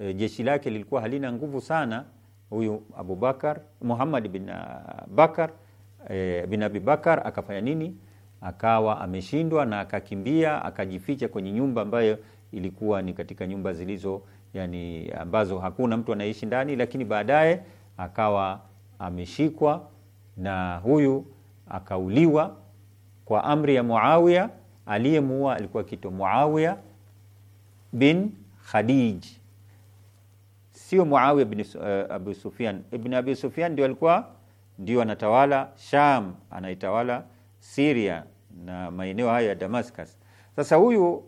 Speaker 3: e, jeshi lake lilikuwa halina nguvu sana. Huyu Abubakar Muhammad bin Bakar e, bin Abi Bakar akafanya nini? Akawa ameshindwa na akakimbia akajificha kwenye nyumba ambayo ilikuwa ni katika nyumba zilizo yani, ambazo hakuna mtu anaishi ndani, lakini baadaye akawa ameshikwa na huyu akauliwa kwa amri ya Muawiya. Aliyemuua alikuwa kito Muawiya bin Khadij, sio Muawiya bin uh, Abu Sufyan. Ibn Abi Sufyan ndio alikuwa ndio anatawala Sham, anaitawala siria na maeneo hayo ya Damascus. Sasa huyu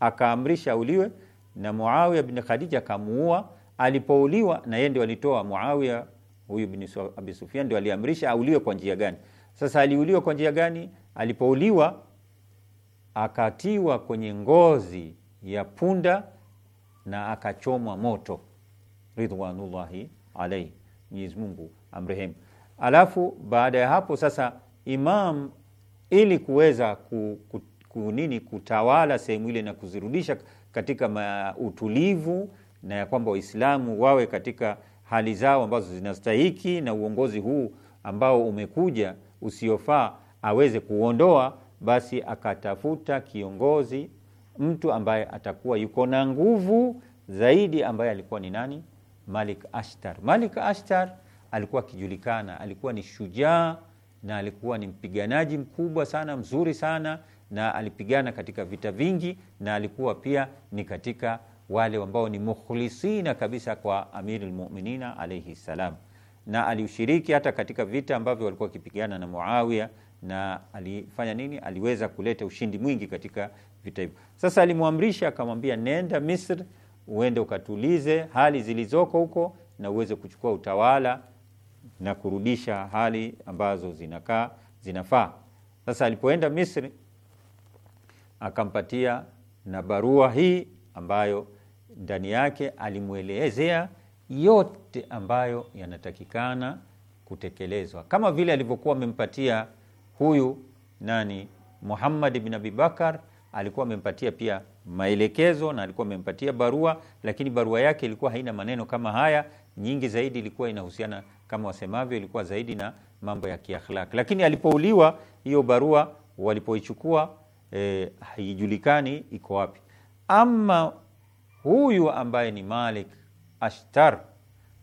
Speaker 3: akaamrisha auliwe, na Muawiya bin Khadija akamuua. Alipouliwa na yeye ndio alitoa Muawiya huyu bin Abi Sufyan ndio aliamrisha auliwe kwa njia gani. Sasa aliuliwa kwa njia gani? Alipouliwa akatiwa kwenye ngozi ya punda na akachomwa moto, ridwanullahi alaihi, Mwenyezi Mungu amrehemu alafu baada ya hapo sasa imam ili kuweza ku, ku, ku, nini kutawala sehemu ile na kuzirudisha katika ma, utulivu na ya kwamba Waislamu wawe katika hali zao ambazo zinastahiki na uongozi huu ambao umekuja usiofaa aweze kuondoa, basi akatafuta kiongozi, mtu ambaye atakuwa yuko na nguvu zaidi, ambaye alikuwa ni nani? Malik Ashtar. Malik Ashtar alikuwa akijulikana, alikuwa ni shujaa na alikuwa ni mpiganaji mkubwa sana mzuri sana na alipigana katika vita vingi, na alikuwa pia ni katika wale ambao ni mukhlisina kabisa kwa Amiri lmuminina alaihi salam, na aliushiriki hata katika vita ambavyo walikuwa wakipigana na Muawiya, na alifanya nini? Aliweza kuleta ushindi mwingi katika vita hivyo. Sasa alimwamrisha akamwambia, nenda Misri uende ukatulize hali zilizoko huko na uweze kuchukua utawala na kurudisha hali ambazo zinakaa zinafaa. Sasa alipoenda Misri akampatia na barua hii ambayo ndani yake alimwelezea yote ambayo yanatakikana kutekelezwa, kama vile alivyokuwa amempatia huyu nani Muhammad bin Abi Bakar, alikuwa amempatia pia maelekezo na alikuwa amempatia barua, lakini barua yake ilikuwa haina maneno kama haya. Nyingi zaidi ilikuwa inahusiana kama wasemavyo, ilikuwa zaidi na mambo ya kiakhlaki. Lakini alipouliwa hiyo barua, walipoichukua e, haijulikani iko wapi. Ama huyu ambaye ni Malik Ashtar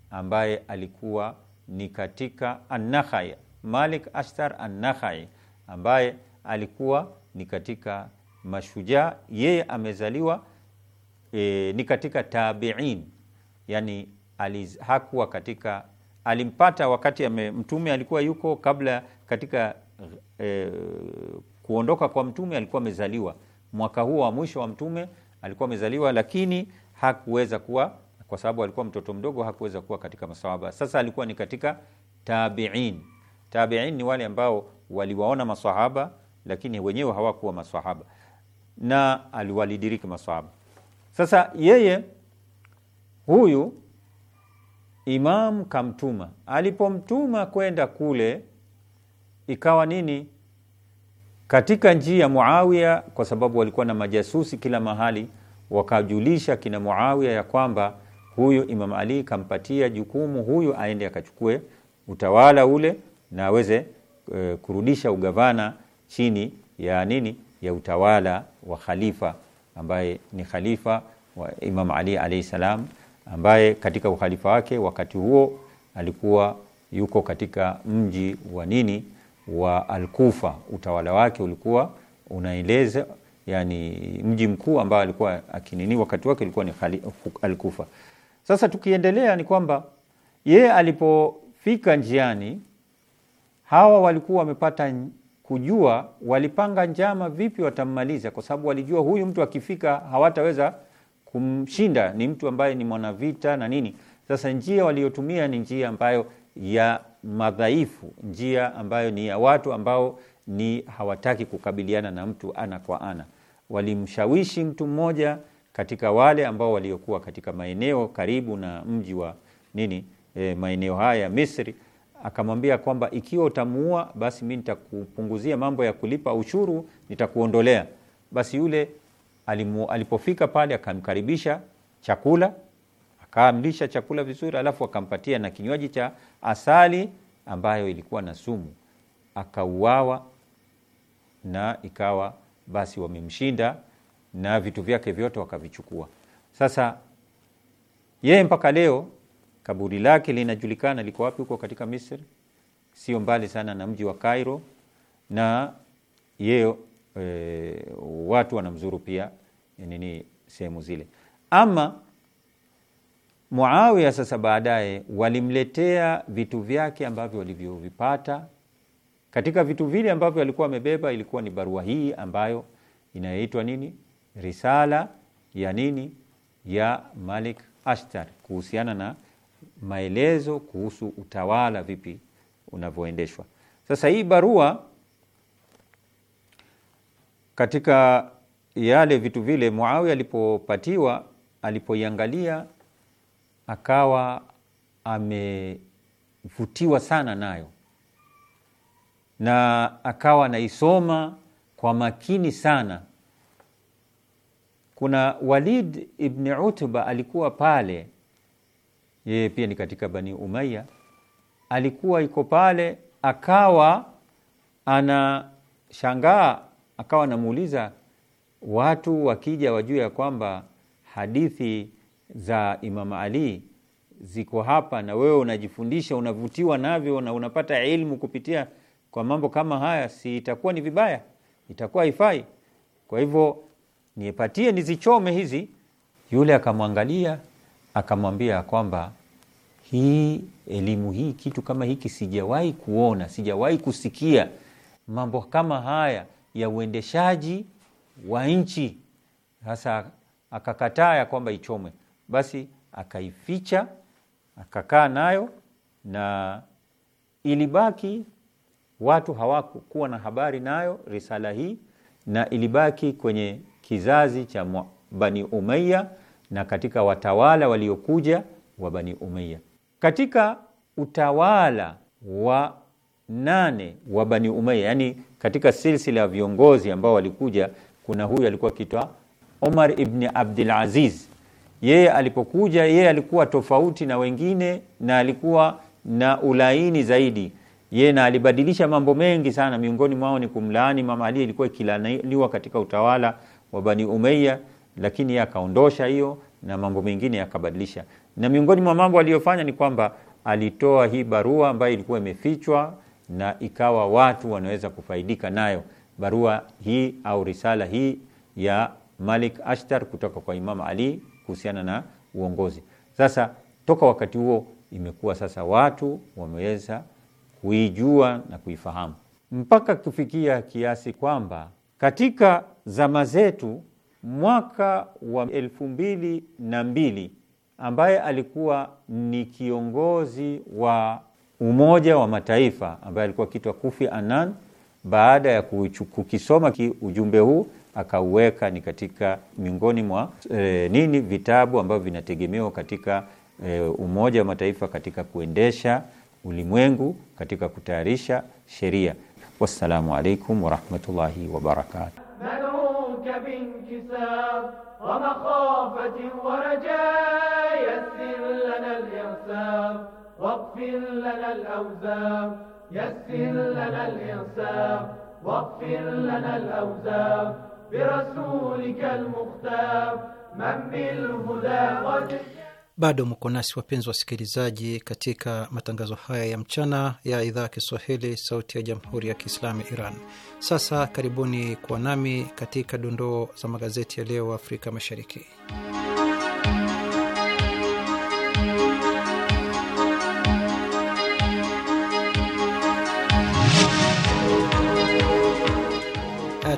Speaker 3: ambaye alikuwa ni katika Anakhai, Malik Ashtar Anakhai ambaye alikuwa ni katika mashujaa, yeye amezaliwa e, ni katika tabiin, yani hakuwa katika alimpata wakati ame, mtume alikuwa yuko kabla katika e, kuondoka kwa mtume alikuwa amezaliwa mwaka huo wa mwisho wa mtume alikuwa amezaliwa, lakini hakuweza kuwa kwa sababu alikuwa mtoto mdogo, hakuweza kuwa katika masahaba. Sasa alikuwa ni katika tabiin. Tabiin ni wale ambao waliwaona masahaba, lakini wenyewe hawakuwa masahaba na aliwalidiriki masahaba. Sasa yeye huyu Imam kamtuma, alipomtuma kwenda kule ikawa nini katika njia ya Muawiya, kwa sababu walikuwa na majasusi kila mahali, wakajulisha kina Muawiya ya kwamba huyu Imam Ali kampatia jukumu huyu aende akachukue utawala ule na aweze e, kurudisha ugavana chini ya nini ya utawala wa khalifa ambaye ni khalifa wa Imam Ali alayhi salam ambaye katika uhalifa wake wakati huo alikuwa yuko katika mji wa nini wa Alkufa. Utawala wake ulikuwa unaeleza yani, mji mkuu ambao alikuwa akinini wakati wake ulikuwa ni Alkufa. Sasa tukiendelea ni kwamba yeye alipofika njiani, hawa walikuwa wamepata kujua, walipanga njama vipi watammaliza, kwa sababu walijua huyu mtu akifika hawataweza kumshinda, ni mtu ambaye ni mwanavita na nini. Sasa njia waliotumia ni njia ambayo ya madhaifu, njia ambayo ni ya watu ambao ni hawataki kukabiliana na mtu ana kwa ana. Walimshawishi mtu mmoja katika wale ambao waliokuwa katika maeneo karibu na mji wa nini, e, maeneo haya ya Misri, akamwambia kwamba ikiwa utamuua, basi mi nitakupunguzia mambo ya kulipa ushuru, nitakuondolea. Basi yule alimu, alipofika pale akamkaribisha chakula, akamlisha chakula vizuri, alafu akampatia na kinywaji cha asali ambayo ilikuwa na sumu. Akauawa na ikawa basi wamemshinda na vitu vyake vyote wakavichukua. Sasa yeye mpaka leo kaburi lake linajulikana liko wapi, huko katika Misri, sio mbali sana na mji wa Cairo, na yeye e, watu wanamzuru pia eh, nini sehemu zile. Ama Muawiya sasa baadaye walimletea vitu vyake ambavyo walivyovipata. Katika vitu vile ambavyo alikuwa amebeba ilikuwa ni barua hii ambayo inayoitwa nini, risala ya nini ya Malik Ashtar kuhusiana na maelezo kuhusu utawala vipi unavyoendeshwa. Sasa hii barua katika yale vitu vile Muawiya alipopatiwa, alipoiangalia akawa amevutiwa sana nayo na akawa anaisoma kwa makini sana. Kuna Walid ibn Utba alikuwa pale, yeye pia ni katika Bani Umayya, alikuwa iko pale, akawa anashangaa akawa anamuuliza watu wakija wajue ya kwamba hadithi za Imam Ali ziko hapa na wewe unajifundisha, unavutiwa navyo na unapata ilmu kupitia kwa mambo kama haya, si itakuwa ni vibaya? Itakuwa haifai? Kwa hivyo nipatie nizichome hizi. Yule akamwangalia akamwambia kwamba hii elimu hii, kitu kama hiki sijawahi kuona, sijawahi kusikia mambo kama haya ya uendeshaji wa nchi, hasa akakataa ya kwamba ichomwe, basi akaificha, akakaa nayo na ilibaki watu hawakuwa na habari nayo risala hii, na ilibaki kwenye kizazi cha Bani Umayya na katika watawala waliokuja wa Bani Umayya. Katika utawala wa nane wa Bani Umayya, yani katika silsila ya viongozi ambao walikuja, kuna huyu alikuwa kitwa Omar ibn Abdul Aziz. Yeye alipokuja, yeye alikuwa tofauti na wengine na alikuwa na ulaini zaidi ye na alibadilisha mambo mengi sana. Miongoni mwao ni kumlaani Mama Ali, ilikuwa ikilaaniwa katika utawala wa Bani Umayya, lakini akaondosha hiyo na mambo mengine yakabadilisha. Na miongoni mwa mambo aliyofanya ni kwamba alitoa hii barua ambayo ilikuwa imefichwa na ikawa watu wanaweza kufaidika nayo barua hii au risala hii ya Malik Ashtar kutoka kwa Imam Ali kuhusiana na uongozi. Sasa toka wakati huo imekuwa sasa watu wameweza kuijua na kuifahamu mpaka kufikia kiasi kwamba katika zama zetu mwaka wa elfu mbili na mbili ambaye alikuwa ni kiongozi wa Umoja wa Mataifa ambaye alikuwa kitwa Kofi Annan, baada ya kukisoma ujumbe huu akauweka ni katika miongoni mwa e, nini vitabu ambavyo vinategemewa katika e, Umoja wa Mataifa katika kuendesha ulimwengu katika kutayarisha sheria. Wassalamu alaikum warahmatullahi wabarakatuh.
Speaker 2: واغفر لنا الأوزار يسر لنا واغفر لنا الأوزار برسولك المختار من بالهدى قد
Speaker 1: bado mko nasi wapenzi wasikilizaji, katika matangazo haya ya mchana ya idhaa ya Kiswahili sauti ya jamhuri ya kiislamu ya Iran. Sasa karibuni kuwa nami katika dondoo za magazeti ya leo Afrika Mashariki.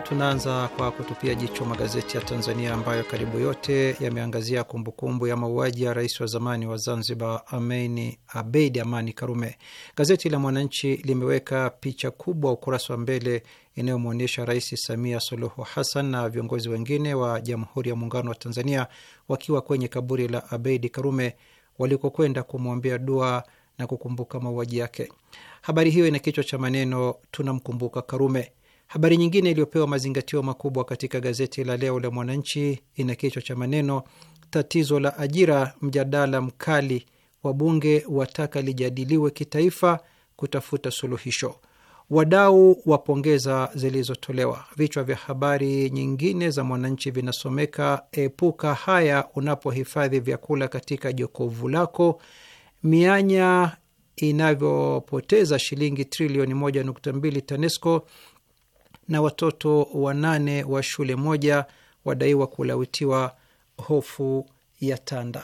Speaker 1: tunaanza kwa kutupia jicho magazeti ya Tanzania ambayo karibu yote yameangazia kumbukumbu ya mauaji ya rais wa zamani wa Zanzibar amen Abeid Amani Karume. Gazeti la Mwananchi limeweka picha kubwa ukurasa wa mbele inayomwonyesha Rais Samia Suluhu Hassan na viongozi wengine wa Jamhuri ya Muungano wa Tanzania wakiwa kwenye kaburi la Abeid Karume walikokwenda kumwambia dua na kukumbuka mauaji yake. Habari hiyo ina kichwa cha maneno tunamkumbuka Karume. Habari nyingine iliyopewa mazingatio makubwa katika gazeti la leo la Mwananchi ina kichwa cha maneno tatizo la ajira, mjadala mkali, wabunge wataka lijadiliwe kitaifa kutafuta suluhisho, wadau wapongeza zilizotolewa. Vichwa vya habari nyingine za Mwananchi vinasomeka: epuka haya unapohifadhi vyakula katika jokovu lako, mianya inavyopoteza shilingi trilioni 1.2 TANESCO na watoto wanane wa shule moja wadaiwa kulawitiwa hofu ya tanda.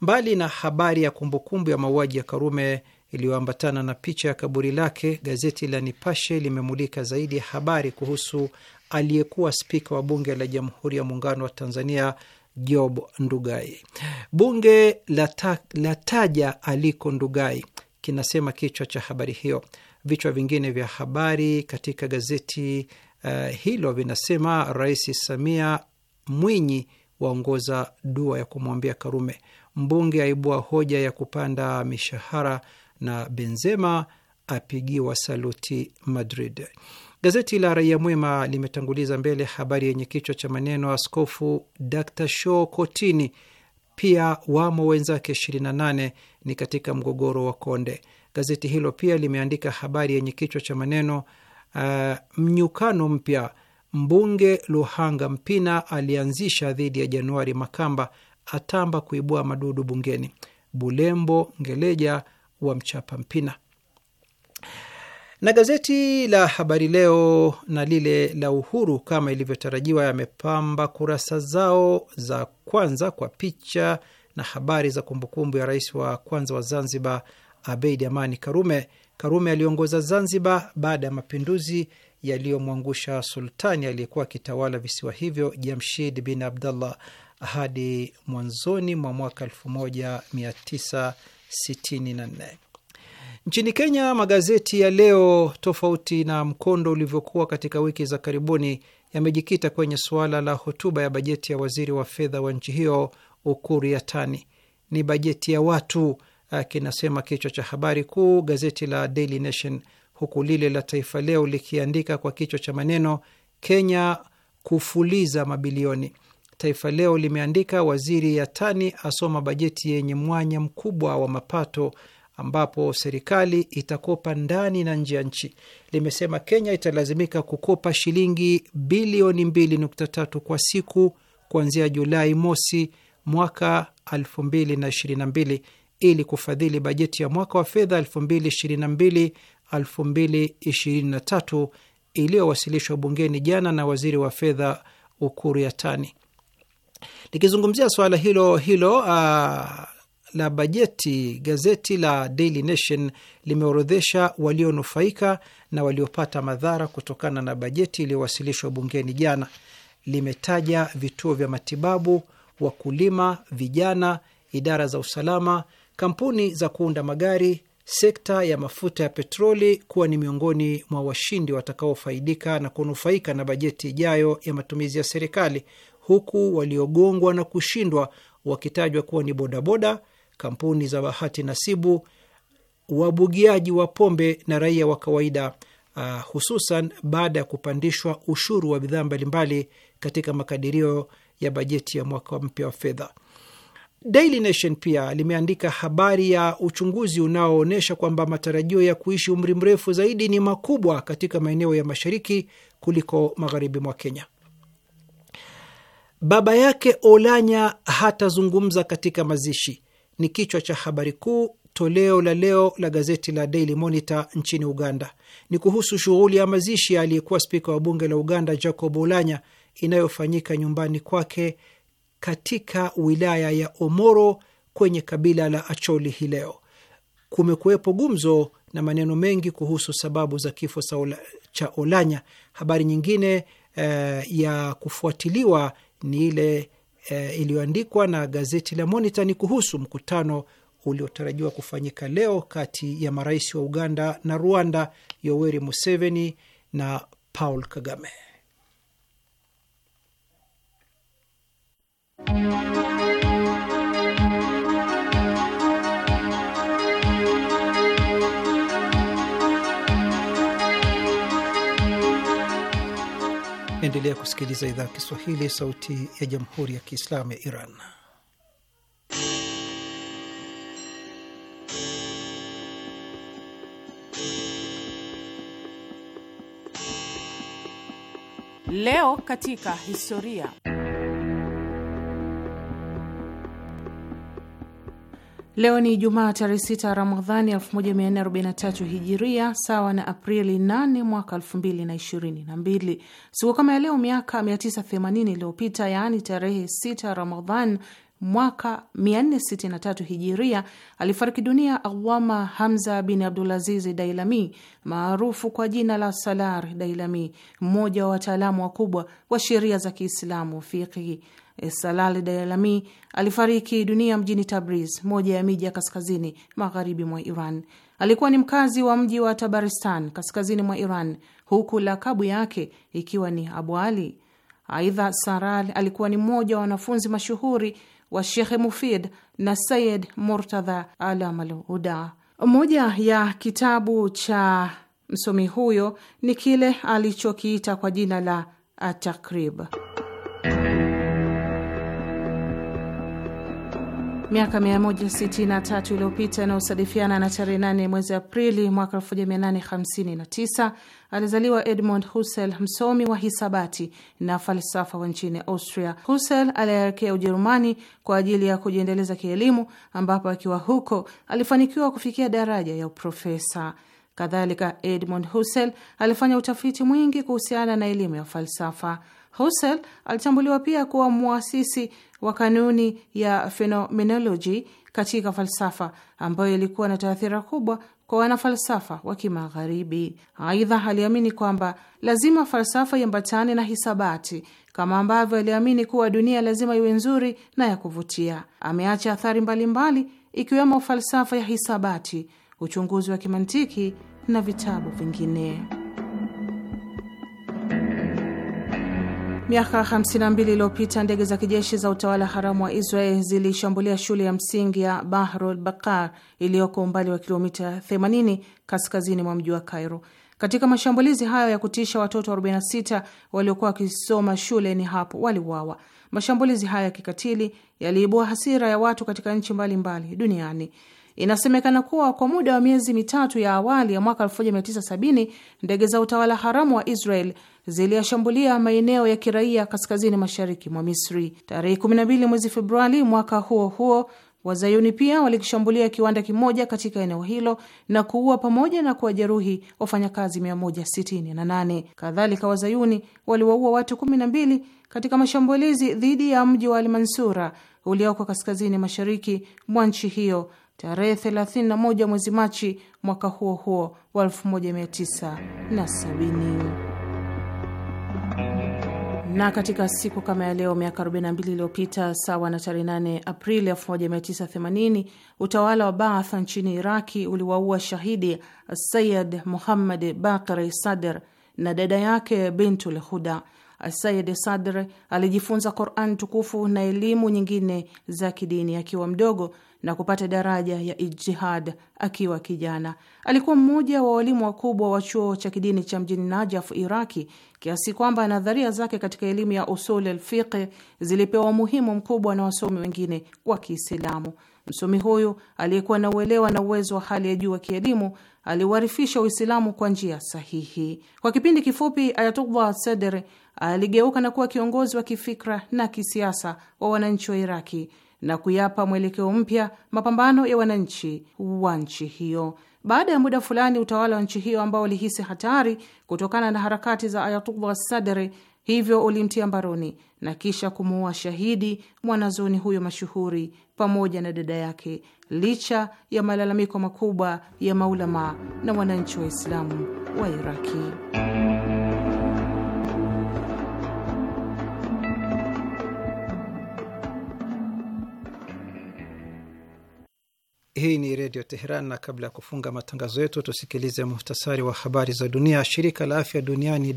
Speaker 1: Mbali na habari ya kumbukumbu ya mauaji ya Karume iliyoambatana na picha ya kaburi lake, gazeti la Nipashe limemulika zaidi habari kuhusu aliyekuwa spika wa bunge la Jamhuri ya Muungano wa Tanzania Job Ndugai. Bunge la lata, taja aliko Ndugai, kinasema kichwa cha habari hiyo. Vichwa vingine vya habari katika gazeti uh, hilo vinasema: Rais Samia, Mwinyi waongoza dua ya kumwambia Karume, mbunge aibua hoja ya kupanda mishahara, na Benzema apigiwa saluti Madrid. Gazeti la Raia Mwema limetanguliza mbele habari yenye kichwa cha maneno Askofu Dr Shaw kotini, pia wamo wenzake 28 ni katika mgogoro wa Konde. Gazeti hilo pia limeandika habari yenye kichwa cha maneno uh, mnyukano mpya mbunge Luhanga Mpina alianzisha dhidi ya Januari Makamba, atamba kuibua madudu bungeni, Bulembo Ngeleja wa mchapa Mpina. Na gazeti la Habari Leo na lile la Uhuru kama ilivyotarajiwa yamepamba kurasa zao za kwanza kwa picha na habari za kumbukumbu ya rais wa kwanza wa Zanzibar Abeid Amani Karume. Karume aliongoza Zanzibar baada ya mapinduzi yaliyomwangusha sultani aliyekuwa akitawala visiwa hivyo Jamshid bin Abdallah hadi mwanzoni mwa mwaka 1964. Nchini Kenya, magazeti ya leo, tofauti na mkondo ulivyokuwa katika wiki za karibuni, yamejikita kwenye suala la hotuba ya bajeti ya waziri wa fedha wa nchi hiyo Ukur Yatani. Ni bajeti ya watu kinasema kichwa cha habari kuu gazeti la Daily Nation, huku lile la Taifa Leo likiandika kwa kichwa cha maneno Kenya kufuliza mabilioni. Taifa Leo limeandika waziri Yatani asoma bajeti yenye mwanya mkubwa wa mapato ambapo serikali itakopa ndani na nje ya nchi. Limesema Kenya italazimika kukopa shilingi bilioni 2.3 kwa siku kuanzia Julai mosi mwaka 2022 ili kufadhili bajeti ya mwaka wa fedha 2022/2023 iliyowasilishwa bungeni jana na waziri wa fedha ukuru Yatani. Likizungumzia suala hilo hilo uh, la bajeti, gazeti la Daily Nation limeorodhesha walionufaika na waliopata madhara kutokana na bajeti iliyowasilishwa bungeni jana. Limetaja vituo vya matibabu, wakulima, vijana, idara za usalama kampuni za kuunda magari, sekta ya mafuta ya petroli kuwa ni miongoni mwa washindi watakaofaidika na kunufaika na bajeti ijayo ya matumizi ya serikali, huku waliogongwa na kushindwa wakitajwa kuwa ni bodaboda, kampuni za bahati nasibu, wabugiaji wa pombe na raia wa kawaida, uh, hususan baada ya kupandishwa ushuru wa bidhaa mbalimbali katika makadirio ya bajeti ya mwaka mpya wa fedha. Daily Nation pia limeandika habari ya uchunguzi unaoonyesha kwamba matarajio ya kuishi umri mrefu zaidi ni makubwa katika maeneo ya mashariki kuliko magharibi mwa Kenya. Baba yake Olanya hatazungumza katika mazishi ni kichwa cha habari kuu toleo la leo la gazeti la Daily Monitor nchini Uganda. Ni kuhusu shughuli ya mazishi aliyekuwa spika wa bunge la Uganda Jacob Olanya inayofanyika nyumbani kwake katika wilaya ya Omoro kwenye kabila la Acholi hii leo. Kumekuwepo gumzo na maneno mengi kuhusu sababu za kifo cha Olanya. Habari nyingine eh, ya kufuatiliwa ni ile eh, iliyoandikwa na gazeti la Monitor ni kuhusu mkutano uliotarajiwa kufanyika leo kati ya marais wa Uganda na Rwanda, Yoweri Museveni na Paul Kagame. Endelea kusikiliza idhaa ya Kiswahili, sauti ya jamhuri ya kiislamu ya Iran.
Speaker 4: Leo katika historia Leo ni jumaa tarehe 6 Ramadhani 1443 Hijiria, sawa na Aprili 8 mwaka 2022. Siku kama ya leo miaka 980 iliyopita, yaani tarehe 6 Ramadhan mwaka 463 Hijiria, alifariki dunia Allama Hamza bin Abdulaziz Dailami maarufu kwa jina la Salar Dailami, mmoja wa wataalamu wakubwa wa sheria za Kiislamu, fiqhi Salal Dailami alifariki dunia mjini Tabriz, moja ya miji ya kaskazini magharibi mwa Iran. Alikuwa ni mkazi wa mji wa Tabaristan kaskazini mwa Iran, huku lakabu yake ikiwa ni Abu Ali. Aidha, Saral alikuwa ni mmoja wa wanafunzi mashuhuri wa Shekhe Mufid na Sayid Murtadha alamalhuda Huda. Moja ya kitabu cha msomi huyo ni kile alichokiita kwa jina la Atakrib. miaka 163 iliyopita inayosadifiana na tarehe 8 mwezi Aprili mwaka 1859 alizaliwa Edmund Husserl, msomi wa hisabati na falsafa wa nchini Austria. Husserl aliyeelekea Ujerumani kwa ajili ya kujiendeleza kielimu, ambapo akiwa huko alifanikiwa kufikia daraja ya uprofesa. Kadhalika, Edmund Husserl alifanya utafiti mwingi kuhusiana na elimu ya falsafa. Husserl alitambuliwa pia kuwa mwasisi wa kanuni ya fenomenoloji katika falsafa ambayo ilikuwa na taathira kubwa kwa wanafalsafa wa Kimagharibi. Aidha, aliamini kwamba lazima falsafa iambatane na hisabati kama ambavyo aliamini kuwa dunia lazima iwe nzuri na ya kuvutia. Ameacha athari mbalimbali mbali, ikiwemo falsafa ya hisabati, uchunguzi wa kimantiki na vitabu vingine. Miaka 52 iliyopita ndege za kijeshi za utawala haramu wa Israel zilishambulia shule ya msingi ya Bahrul Bakar iliyoko umbali wa kilomita 80 kaskazini mwa mji wa Cairo. Katika mashambulizi hayo ya kutisha, watoto 46 waliokuwa wakisoma shule ni hapo waliuawa. Mashambulizi hayo ya kikatili yaliibua hasira ya watu katika nchi mbalimbali duniani. Inasemekana kuwa kwa muda wa miezi mitatu ya awali ya mwaka 1970 ndege za utawala haramu wa Israel ziliyashambulia maeneo ya kiraia kaskazini mashariki mwa Misri. Tarehe 12 mwezi Februari mwaka huo huo, wazayuni pia walikishambulia kiwanda kimoja katika eneo hilo na kuua pamoja na kuwajeruhi wafanyakazi 168. Kadhalika, wazayuni waliwaua watu 12 katika mashambulizi dhidi ya mji wa Almansura ulioko kaskazini mashariki mwa nchi hiyo tarehe 31 mwezi Machi mwaka huo huo wa 1970 na katika siku kama ya leo miaka 42 iliyopita, sawa na tarehe 8 Aprili 1980, utawala wa Baath nchini Iraki uliwaua shahidi Sayid Muhammad Bakri Sadr na dada yake Bintul Huda. Sayid Sadr alijifunza Quran tukufu na elimu nyingine za kidini akiwa mdogo na kupata daraja ya ijtihad akiwa kijana. Alikuwa mmoja wa walimu wakubwa wa chuo cha kidini cha mjini Najaf, Iraki, kiasi kwamba nadharia zake katika elimu ya usul alfiqi zilipewa umuhimu mkubwa na wasomi wengine wa Kiislamu. Msomi huyu aliyekuwa na uelewa na uwezo wa hali ya juu wa kielimu aliuharifisha Uislamu kwa njia sahihi. Kwa kipindi kifupi, Ayatullah Sadr aligeuka na kuwa kiongozi wa kifikra na kisiasa wa wananchi wa Iraki na kuyapa mwelekeo mpya mapambano ya wananchi wa nchi hiyo. Baada ya muda fulani, utawala wa nchi hiyo ambao ulihisi hatari kutokana na harakati za Ayatullah Sadri, hivyo ulimtia mbaroni na kisha kumuua shahidi mwanazoni huyo mashuhuri pamoja na dada yake, licha ya malalamiko makubwa ya maulama na wananchi wa islamu wa Iraki.
Speaker 1: Hii ni Redio Teheran, na kabla ya kufunga matangazo yetu tusikilize muhtasari wa habari za dunia. Shirika la afya duniani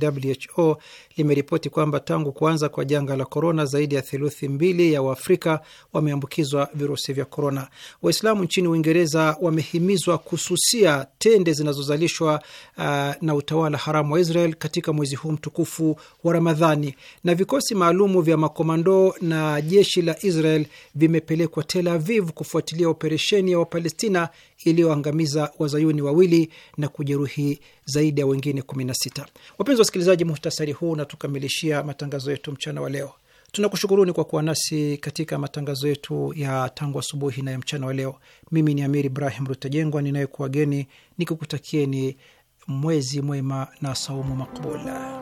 Speaker 1: WHO limeripoti kwamba tangu kuanza kwa janga la korona, zaidi ya theluthi mbili ya Waafrika wameambukizwa virusi vya korona. Waislamu nchini Uingereza wamehimizwa kususia tende zinazozalishwa uh, na utawala haramu wa Israel katika mwezi huu mtukufu wa Ramadhani. Na vikosi maalumu vya makomando na jeshi la Israel vimepelekwa Tel Aviv kufuatilia operesheni palestina iliyoangamiza wazayuni wawili na kujeruhi zaidi ya wengine 16. Wapenzi wa wasikilizaji, muhtasari huu unatukamilishia matangazo yetu mchana wa leo. Tunakushukuruni kwa kuwa nasi katika matangazo yetu ya tangu asubuhi na ya mchana wa leo. Mimi ni Amir Ibrahim Rutajengwa ninayekuwageni nikikutakieni mwezi mwema na saumu makbula.